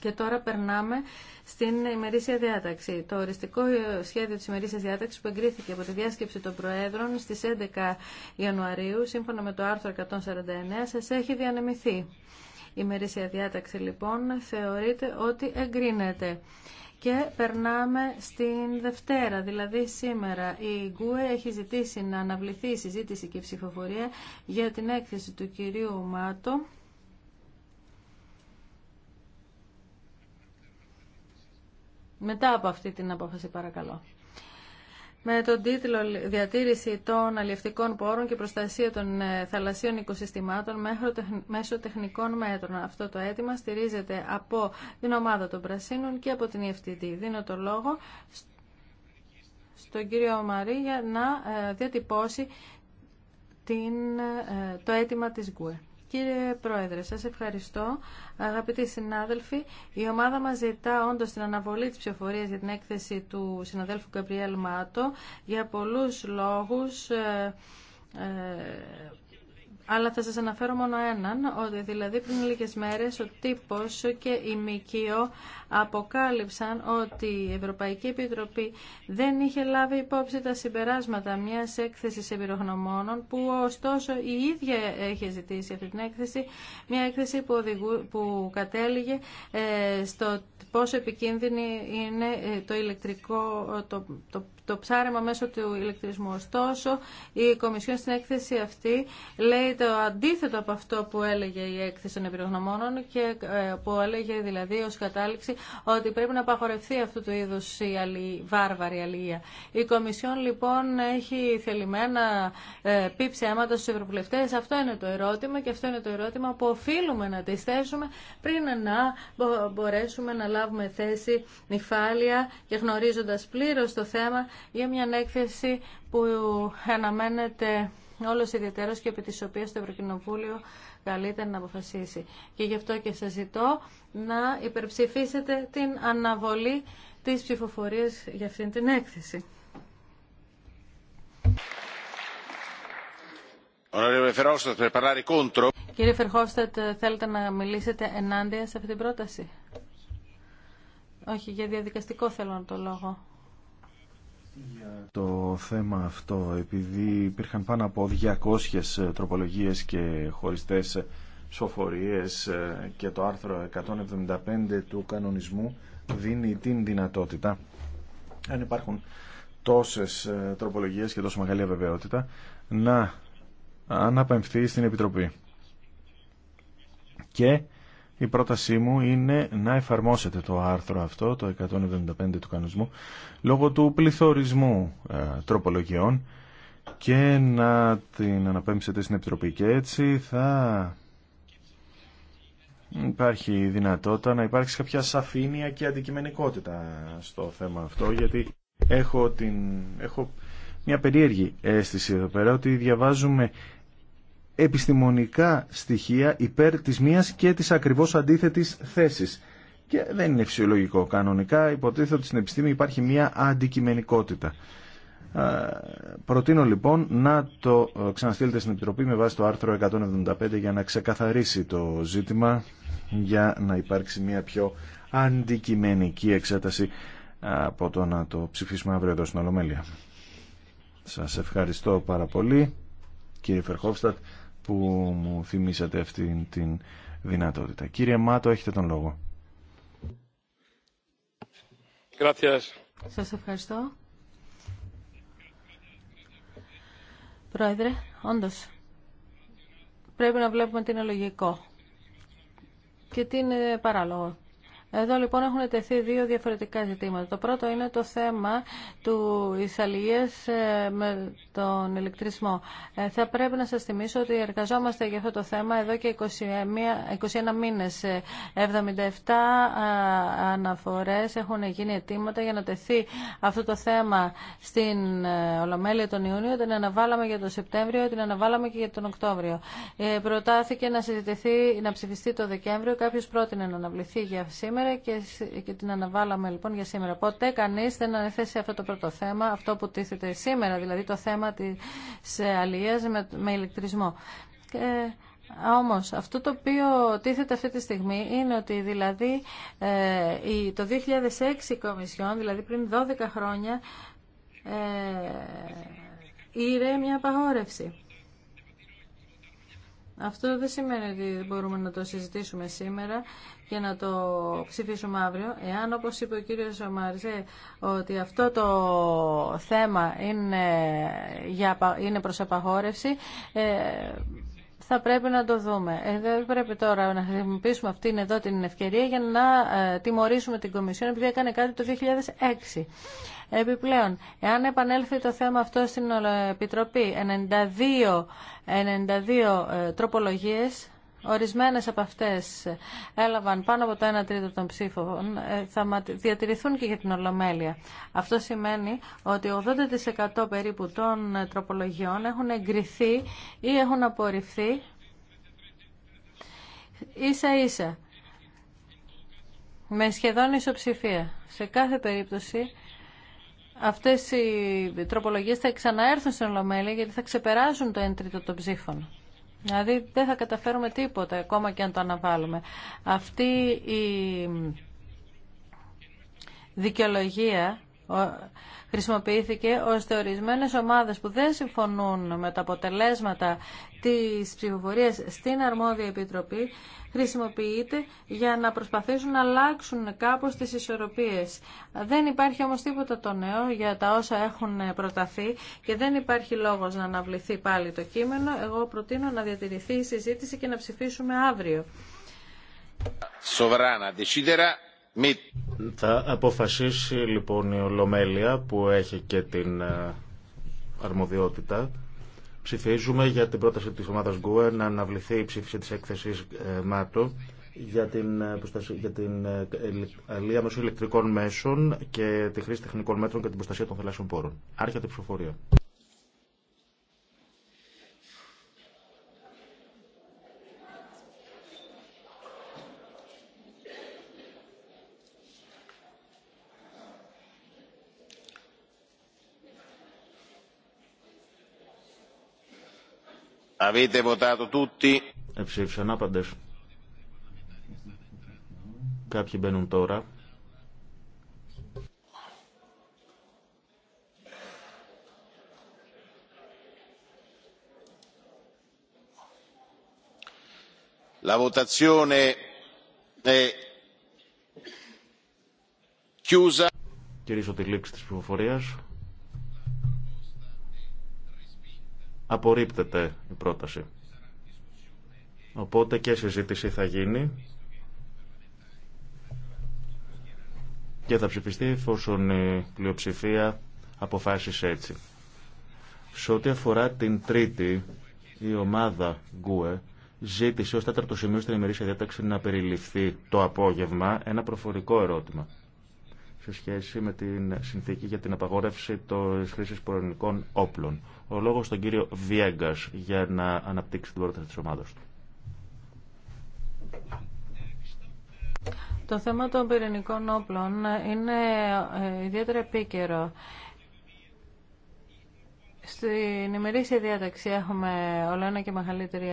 Και τώρα περνάμε στην ημερήσια διάταξη. Το οριστικό σχέδιο της ημερήσιας διάταξης που εγκρίθηκε από τη διάσκεψη των Προέδρων στις 11 Ιανουαρίου, σύμφωνα με το άρθρο 149, σας έχει διανεμηθεί. Η ημερήσια διάταξη λοιπόν θεωρείται ότι εγκρίνεται. Και περνάμε στην Δευτέρα, δηλαδή σήμερα. Η Γκουε έχει ζητήσει να αναβληθεί η συζήτηση και η ψηφοφορία για την έκθεση του κυρίου Μάτο μετά από αυτή την απόφαση παρακαλώ με τον τίτλο «Διατήρηση των αλλιευτικών πόρων και προστασία των ε, θαλασσίων οικοσυστημάτων μέσω τεχνικών μέτρων». Αυτό το αίτημα στηρίζεται από την ομάδα των Πρασίνων και από την EFTD. Δίνω το λόγο στον κύριο Μαρή για να ε, διατυπώσει την, ε, το αίτημα της ΓΚΟΕ. Κύριε Πρόεδρε, σας ευχαριστώ. Αγαπητοί συνάδελφοι, η ομάδα μας ζητά όντως την αναβολή της ψηφοφορίας για την έκθεση του συναδέλφου Καμπριέλ Μάτο για πολλούς λόγους ε, ε, αλλά θα σας αναφέρω μόνο έναν, ότι δηλαδή πριν λίγες μέρες ο τύπος και η ΜΚΙΟ αποκάλυψαν ότι η Ευρωπαϊκή Επιτροπή δεν είχε λάβει υπόψη τα συμπεράσματα μιας έκθεσης εμπειρογνωμόνων που ωστόσο η ίδια είχε ζητήσει αυτή την έκθεση, μια έκθεση που, που κατέληγε ε, στο πόσο επικίνδυνη είναι ε, το ηλεκτρικό, το, το, το ψάρεμα μέσω του ηλεκτρισμού. Ωστόσο, η Κομισιόν στην έκθεση αυτή λέει το αντίθετο από αυτό που έλεγε η έκθεση των εμπειρογνωμόνων και ε, που έλεγε δηλαδή ως κατάληξη ότι πρέπει να απαγορευτεί αυτού του είδου η βάρβαρη αλληλεία. Η Κομισιόν λοιπόν έχει θελημένα ε, πει ψέματα στους ευρωβουλευτέ. Αυτό είναι το ερώτημα και αυτό είναι το ερώτημα που οφείλουμε να τη θέσουμε πριν να μπορέσουμε να λάβουμε θέση νυφάλια και γνωρίζοντα πλήρως το θέμα για μια ανέκθεση που αναμένεται όλος ιδιαίτερος και επί της οποίας το Ευρωκοινοβούλιο καλύτερα να αποφασίσει. Και γι' αυτό και σας ζητώ να υπερψηφίσετε την αναβολή της ψηφοφορίας για αυτήν την έκθεση. Κύριε Φερχόφστατ, θέλετε να μιλήσετε ενάντια σε αυτή την πρόταση. Όχι, για διαδικαστικό θέλω να το λόγο το θέμα αυτό, επειδή υπήρχαν πάνω από 200 τροπολογίες και χωριστές σοφορίες και το άρθρο 175 του κανονισμού δίνει την δυνατότητα, αν υπάρχουν τόσες τροπολογίες και τόσο μεγάλη αβεβαιότητα, να αναπαιμφθεί στην Επιτροπή. Και η πρότασή μου είναι να εφαρμόσετε το άρθρο αυτό, το 175 του κανονισμού, λόγω του πληθωρισμού ε, τροπολογιών και να την αναπέμψετε στην Επιτροπή. Και έτσι θα υπάρχει δυνατότητα να υπάρξει κάποια σαφήνεια και αντικειμενικότητα στο θέμα αυτό, γιατί έχω, την... έχω μια περίεργη αίσθηση εδώ πέρα ότι διαβάζουμε επιστημονικά στοιχεία υπέρ της μίας και της ακριβώς αντίθετης θέσης. Και δεν είναι φυσιολογικό. Κανονικά υποτίθεται ότι στην επιστήμη υπάρχει μία αντικειμενικότητα. Προτείνω λοιπόν να το ε, ξαναστείλετε στην Επιτροπή με βάση το άρθρο 175 για να ξεκαθαρίσει το ζήτημα για να υπάρξει μία πιο αντικειμενική εξέταση ε, από το να το ψηφίσουμε αύριο εδώ στην Ολομέλεια. Σας ευχαριστώ πάρα πολύ κύριε Φερχόφστατ που μου θυμίσατε αυτή την δυνατότητα. Κύριε Μάτο, έχετε τον λόγο. Σας ευχαριστώ. Πρόεδρε, όντως, πρέπει να βλέπουμε τι είναι λογικό και τι είναι παράλογο. Εδώ λοιπόν έχουν τεθεί δύο διαφορετικά ζητήματα. Το πρώτο είναι το θέμα του εισαλληλίας ε, με τον ηλεκτρισμό. Ε, θα πρέπει να σας θυμίσω ότι εργαζόμαστε για αυτό το θέμα εδώ και 21, 21 μήνες. 77 ε, αναφορές έχουν γίνει αιτήματα για να τεθεί αυτό το θέμα στην Ολομέλεια τον Ιούνιο. Την αναβάλαμε για τον Σεπτέμβριο, την αναβάλαμε και για τον Οκτώβριο. Προτάθηκε να συζητηθεί, να ψηφιστεί το Δεκέμβριο. Κάποιος πρότεινε να αναβληθεί για σήμερα και, την αναβάλαμε λοιπόν για σήμερα. Ποτέ κανεί δεν ανέθεσε αυτό το πρώτο θέμα, αυτό που τίθεται σήμερα, δηλαδή το θέμα τη ε, αλληλεία με, με ηλεκτρισμό. Και, όμως αυτό το οποίο τίθεται αυτή τη στιγμή είναι ότι δηλαδή ε, το 2006 η Κομισιόν, δηλαδή πριν 12 χρόνια, ε, ήρε μια απαγόρευση. Αυτό δεν σημαίνει ότι μπορούμε να το συζητήσουμε σήμερα και να το ψηφίσουμε αύριο. Εάν, όπως είπε ο κύριος Μάρζε, ότι αυτό το θέμα είναι, για, είναι προς απαγόρευση, ε, θα πρέπει να το δούμε. Ε, δεν πρέπει τώρα να χρησιμοποιήσουμε αυτήν εδώ την ευκαιρία για να ε, τιμωρήσουμε την Κομισιόν επειδή έκανε κάτι το 2006. Επιπλέον, εάν επανέλθει το θέμα αυτό στην Επιτροπή, 92, 92 ε, τροπολογίες Ορισμένες από αυτές έλαβαν πάνω από το 1 τρίτο των ψήφων, ε, θα διατηρηθούν και για την Ολομέλεια. Αυτό σημαίνει ότι 80% περίπου των τροπολογιών έχουν εγκριθεί ή έχουν απορριφθεί ίσα ίσα, με σχεδόν ισοψηφία. Σε κάθε περίπτωση αυτές οι τροπολογίες θα ξαναέρθουν στην Ολομέλεια γιατί θα ξεπεράσουν το 1 τρίτο των ψήφων. Δηλαδή δεν θα καταφέρουμε τίποτα ακόμα και αν το αναβάλουμε. Αυτή η δικαιολογία χρησιμοποιήθηκε ώστε ορισμένε ομάδες που δεν συμφωνούν με τα αποτελέσματα της ψηφοφορίας στην αρμόδια επιτροπή χρησιμοποιείται για να προσπαθήσουν να αλλάξουν κάπως τις ισορροπίες. Δεν υπάρχει όμως τίποτα το νέο για τα όσα έχουν προταθεί και δεν υπάρχει λόγος να αναβληθεί πάλι το κείμενο. Εγώ προτείνω να διατηρηθεί η συζήτηση και να ψηφίσουμε αύριο. Θα αποφασίσει λοιπόν η Ολομέλεια που έχει και την ε, αρμοδιότητα. Ψηφίζουμε για την πρόταση της ομάδας Γκουε να αναβληθεί η ψήφιση της έκθεσης ε, ΜΑΤΟ για την, ε, για την ηλεκτρικών μέσων και τη χρήση τεχνικών μέτρων και την προστασία των θελάσσιων πόρων. Άρχεται η ψηφοφορία. Avete votato tutti? Εψήφισαν άπαντε. Κάποιοι μπαίνουν τώρα. La votazione è chiusa. της Απορρίπτεται η πρόταση. Οπότε και συζήτηση θα γίνει και θα ψηφιστεί εφόσον η πλειοψηφία αποφάσισε έτσι. Σε ό,τι αφορά την τρίτη, η ομάδα Γκουε ζήτησε ως τέταρτο σημείο στην ημερήσια διάταξη να περιληφθεί το απόγευμα ένα προφορικό ερώτημα σε σχέση με την συνθήκη για την απαγόρευση το χρήσης πυρηνικών όπλων. Ο λόγος στον κύριο Βιέγκας για να αναπτύξει την πρόταση της ομάδας του. Το θέμα των πυρηνικών όπλων είναι ε, ιδιαίτερα επίκαιρο. Στην ημερήσια διάταξη έχουμε όλο και μεγαλύτερη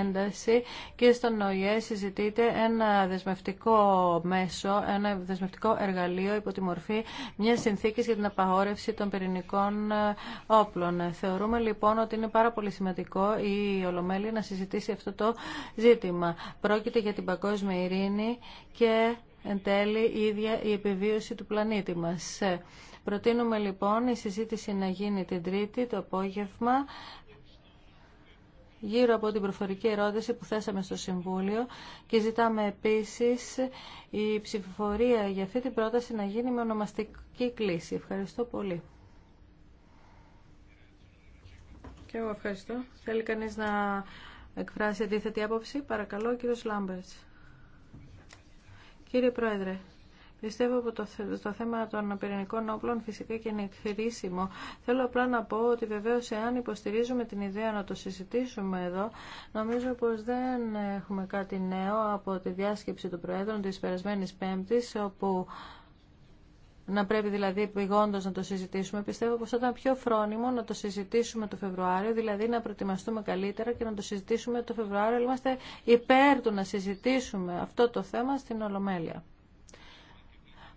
ένταση και στον ΟΗΕ συζητείται ένα δεσμευτικό μέσο, ένα δεσμευτικό εργαλείο υπό τη μορφή μια συνθήκη για την απαγόρευση των πυρηνικών όπλων. Θεωρούμε λοιπόν ότι είναι πάρα πολύ σημαντικό η Ολομέλη να συζητήσει αυτό το ζήτημα. Πρόκειται για την παγκόσμια ειρήνη και εν τέλει η ίδια η επιβίωση του πλανήτη μας. Προτείνουμε λοιπόν η συζήτηση να γίνει την Τρίτη το απόγευμα γύρω από την προφορική ερώτηση που θέσαμε στο Συμβούλιο και ζητάμε επίσης η ψηφοφορία για αυτή την πρόταση να γίνει με ονομαστική κλίση. Ευχαριστώ πολύ. Και εγώ ευχαριστώ. Θέλει κανείς να εκφράσει αντίθετη άποψη. Παρακαλώ, κύριος Λάμπερτς. Κύριε Πρόεδρε, Πιστεύω ότι το, θέμα των πυρηνικών όπλων φυσικά και είναι χρήσιμο. Θέλω απλά να πω ότι βεβαίω εάν υποστηρίζουμε την ιδέα να το συζητήσουμε εδώ, νομίζω πω δεν έχουμε κάτι νέο από τη διάσκεψη του Πρόεδρου τη περασμένη Πέμπτη, όπου να πρέπει δηλαδή επιγόντως να το συζητήσουμε. Πιστεύω πως θα ήταν πιο φρόνιμο να το συζητήσουμε το Φεβρουάριο, δηλαδή να προετοιμαστούμε καλύτερα και να το συζητήσουμε το Φεβρουάριο. Είμαστε υπέρ του να συζητήσουμε αυτό το θέμα στην Ολομέλεια.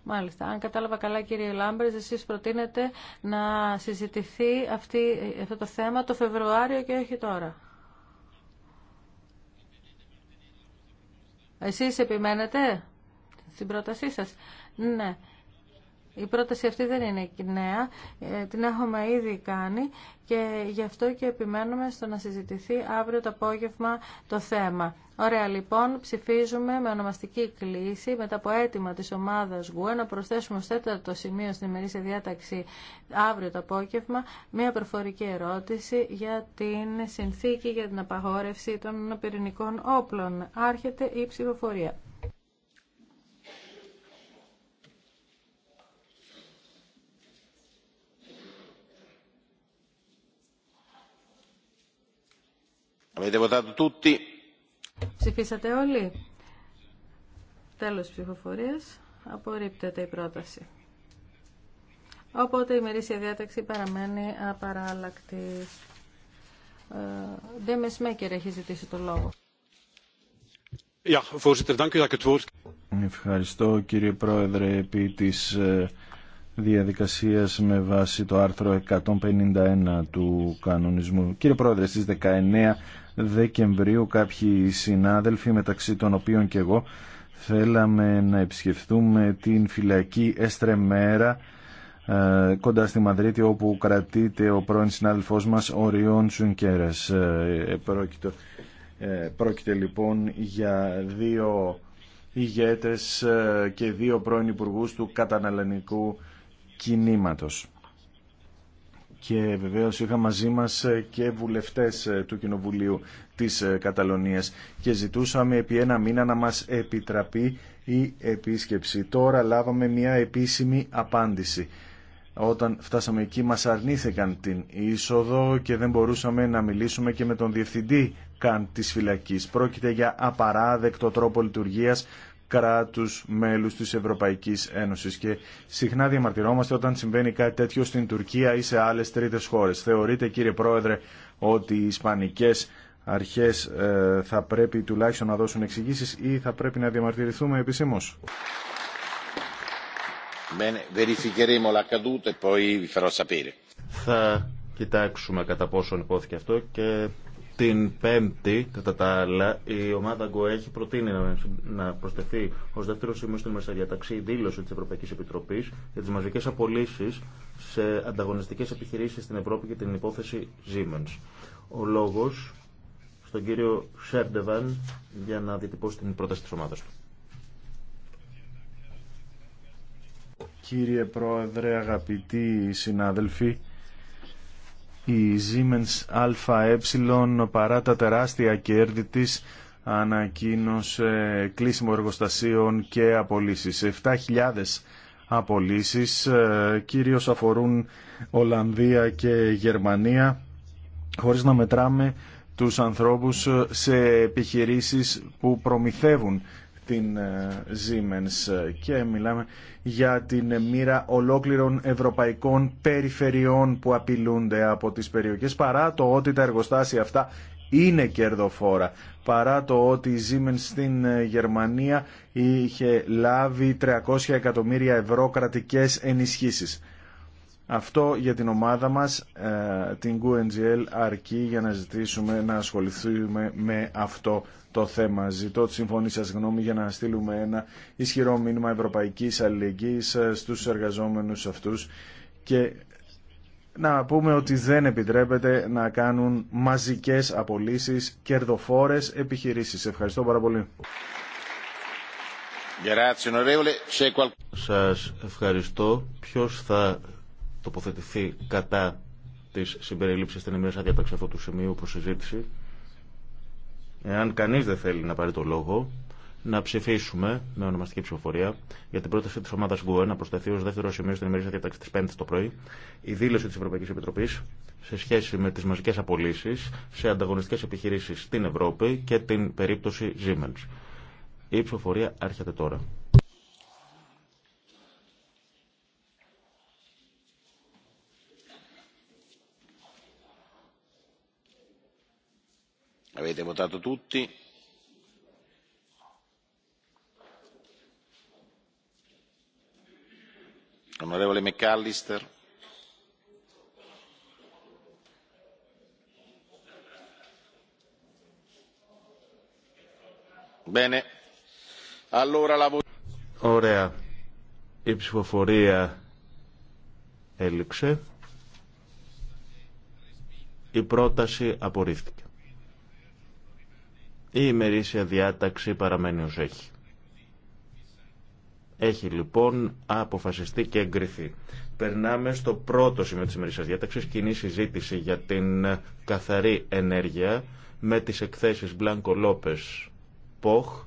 Μάλιστα. Αν κατάλαβα καλά κύριε Λάμπρες, εσείς προτείνετε να συζητηθεί αυτή, αυτό το θέμα το Φεβρουάριο και όχι τώρα. Εσείς επιμένετε στην πρότασή σας. Ναι. Η πρόταση αυτή δεν είναι νέα, ε, την έχουμε ήδη κάνει και γι' αυτό και επιμένουμε στο να συζητηθεί αύριο το απόγευμα το θέμα. Ωραία λοιπόν, ψηφίζουμε με ονομαστική κλίση μετά από αίτημα της ομάδας ΓΟΕ να προσθέσουμε ως τέταρτο σημείο στην σε διάταξη αύριο το απόγευμα μια προφορική ερώτηση για την συνθήκη για την απαγόρευση των πυρηνικών όπλων. Άρχεται η ψηφοφορία. Ψηφίσατε όλοι. Τέλος ψηφοφορίας. Απορρίπτεται η πρόταση. Οπότε η μερίσια διάταξη παραμένει απαράλλακτη. Δε Μεσμέκερ έχει ζητήσει το λόγο. Ευχαριστώ κύριε Πρόεδρε επί της ε, διαδικασίας με βάση το άρθρο 151 του κανονισμού. Κύριε Πρόεδρε, στις 19 Δεκεμβρίου κάποιοι συνάδελφοι μεταξύ των οποίων και εγώ θέλαμε να επισκεφθούμε την φυλακή Εστρεμέρα ε, κοντά στη Μαδρίτη όπου κρατείται ο πρώην συνάδελφός μας Ριόν Σουνκέρας. Ε, ε, πρόκειται λοιπόν για δύο ηγέτες και δύο πρώην υπουργούς του καταναλανικού κινήματος και βεβαίως είχα μαζί μας ε, και βουλευτές ε, του Κοινοβουλίου της ε, Καταλωνίας και ζητούσαμε επί ένα μήνα να μας επιτραπεί η επίσκεψη. Τώρα λάβαμε μια επίσημη απάντηση. Όταν φτάσαμε εκεί μας αρνήθηκαν την είσοδο και δεν μπορούσαμε να μιλήσουμε και με τον διευθυντή καν της φυλακής. Πρόκειται για απαράδεκτο τρόπο λειτουργίας κράτους μέλους της Ευρωπαϊκής Ένωσης και συχνά διαμαρτυρόμαστε όταν συμβαίνει κάτι τέτοιο στην Τουρκία ή σε άλλες τρίτες χώρες. Θεωρείτε κύριε Πρόεδρε ότι οι Ισπανικές αρχές ε, θα πρέπει τουλάχιστον να δώσουν εξηγήσει ή θα πρέπει να διαμαρτυρηθούμε επισήμως. E θα κοιτάξουμε κατά πόσο υπόθηκε αυτό και την Πέμπτη, κατά τα άλλα, η ομάδα ΓΚΟ έχει προτείνει να προσθεθεί ω δεύτερο σημείο στην μεσαδιαταξή η δήλωση τη Ευρωπαϊκή Επιτροπή για τι μαζικέ απολύσει σε ανταγωνιστικέ επιχειρήσει στην Ευρώπη και την υπόθεση Siemens. Ο λόγο στον κύριο Σέρντεβαν για να διατυπώσει την πρόταση τη ομάδα του. Κύριε Πρόεδρε, αγαπητοί συνάδελφοι, η Siemens ΑΕ παρά τα τεράστια κέρδη της ανακοίνωσε κλείσιμο εργοστασίων και απολύσεις. 7.000 απολύσεις ε, κυρίως αφορούν Ολλανδία και Γερμανία χωρίς να μετράμε τους ανθρώπους ε, σε επιχειρήσεις που προμηθεύουν την ε, Siemens ε, και μιλάμε για την μοίρα ολόκληρων ευρωπαϊκών περιφερειών που απειλούνται από τις περιοχές παρά το ότι τα εργοστάσια αυτά είναι κερδοφόρα παρά το ότι η Siemens στην ε, Γερμανία είχε λάβει 300 εκατομμύρια ευρώ κρατικές ενισχύσεις. Αυτό για την ομάδα μας, ε, την QNGL, αρκεί για να ζητήσουμε να ασχοληθούμε με αυτό το θέμα. Ζητώ τη συμφωνή σας γνώμη για να στείλουμε ένα ισχυρό μήνυμα ευρωπαϊκής αλληλεγγύης ε, στους εργαζόμενους αυτούς και να πούμε ότι δεν επιτρέπεται να κάνουν μαζικές απολύσεις κερδοφόρες επιχειρήσεις. Ευχαριστώ πάρα πολύ. Σας ευχαριστώ. Ποιος θα τοποθετηθεί κατά της συμπεριλήψη στην ημέρα διάταξη αυτού του σημείου προ συζήτηση. Εάν κανεί δεν θέλει να πάρει το λόγο, να ψηφίσουμε με ονομαστική ψηφοφορία για την πρόταση τη ομάδα ΓΟΕ να προσθεθεί ω δεύτερο σημείο στην ημερήσια διατάξη τη 5η το πρωί η δήλωση τη Ευρωπαϊκή Επιτροπή σε σχέση με τι μαζικέ απολύσει σε ανταγωνιστικέ επιχειρήσει στην Ευρώπη και την περίπτωση Siemens. Η ψηφοφορία άρχεται τώρα. avete votato tutti onorevole mcallister bene allora la Ωραία. Η ψηφοφορία έληξε. Η πρόταση απορρίφθηκε. Η ημερήσια διάταξη παραμένει ως έχει. Έχει λοιπόν αποφασιστεί και εγκριθεί. Περνάμε στο πρώτο σημείο της ημερήσιας διάταξης, κοινή συζήτηση για την καθαρή ενέργεια με τις εκθέσεις Μπλάνκο Λόπες, Ποχ,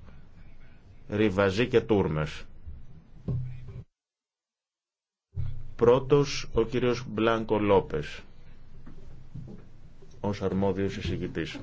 Ριβαζή και Τούρμες. Πρώτος ο κύριος Μπλάνκο Λόπες, ως αρμόδιος εισηγητής.